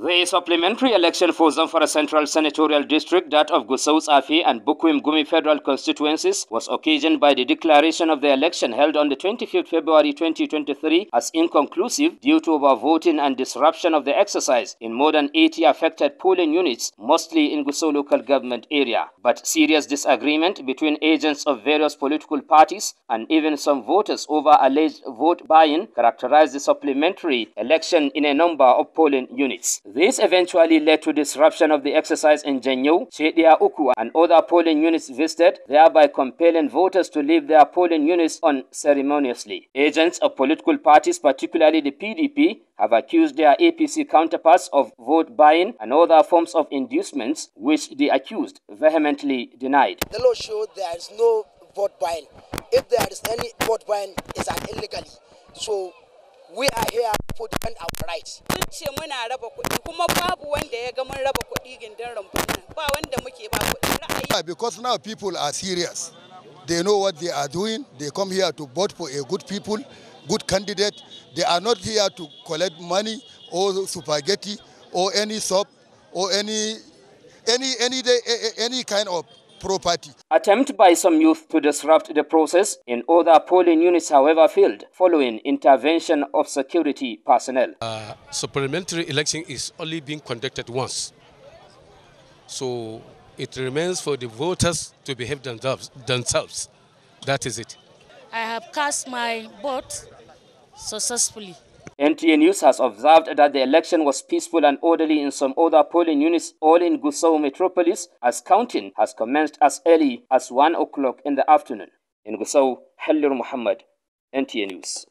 The supplementary election for Zamfara Central Senatorial District, that of Gusau Safi and Bukwim Gumi Federal constituencies, was occasioned by the declaration of the election held on the 25th February 2023 as inconclusive due to overvoting and disruption of the exercise in more than 80 affected polling units, mostly in Gusau local government area. But serious disagreement between agents of various political parties and even some voters over alleged vote buying characterized the supplementary election in a number of polling units. This eventually led to disruption of the exercise in Jenyu, Chedia Uku, and other polling units visited, thereby compelling voters to leave their polling units unceremoniously. Agents of political parties, particularly the PDP, have accused their APC counterparts of vote buying and other forms of inducements, which the accused vehemently denied. The law showed there is no vote buying. If there is any vote buying, it's an illegally. So we are here for defend our rights. Sun ce muna raba kuɗi kuma babu wanda ya ga mun raba kuɗi gindin rumfan nan ba wanda muke ba kuɗi ra'ayi. Because now people are serious. They know what they are doing. They come here to vote for a good people, good candidate. They are not here to collect money or spaghetti or any soap or any any any day, any kind of property. Attempt by some youth to disrupt the process in other polling units, however, failed following intervention of security personnel. Uh, supplementary election is only being conducted once. So it remains for the voters to behave themselves. themselves. That is it. I have cast my vote successfully. NTA News has observed that the election was peaceful and orderly in some other polling units, all in Gusau metropolis, as counting has commenced as early as 1 o'clock in the afternoon. In Gusau, Halil Muhammad, NTA News.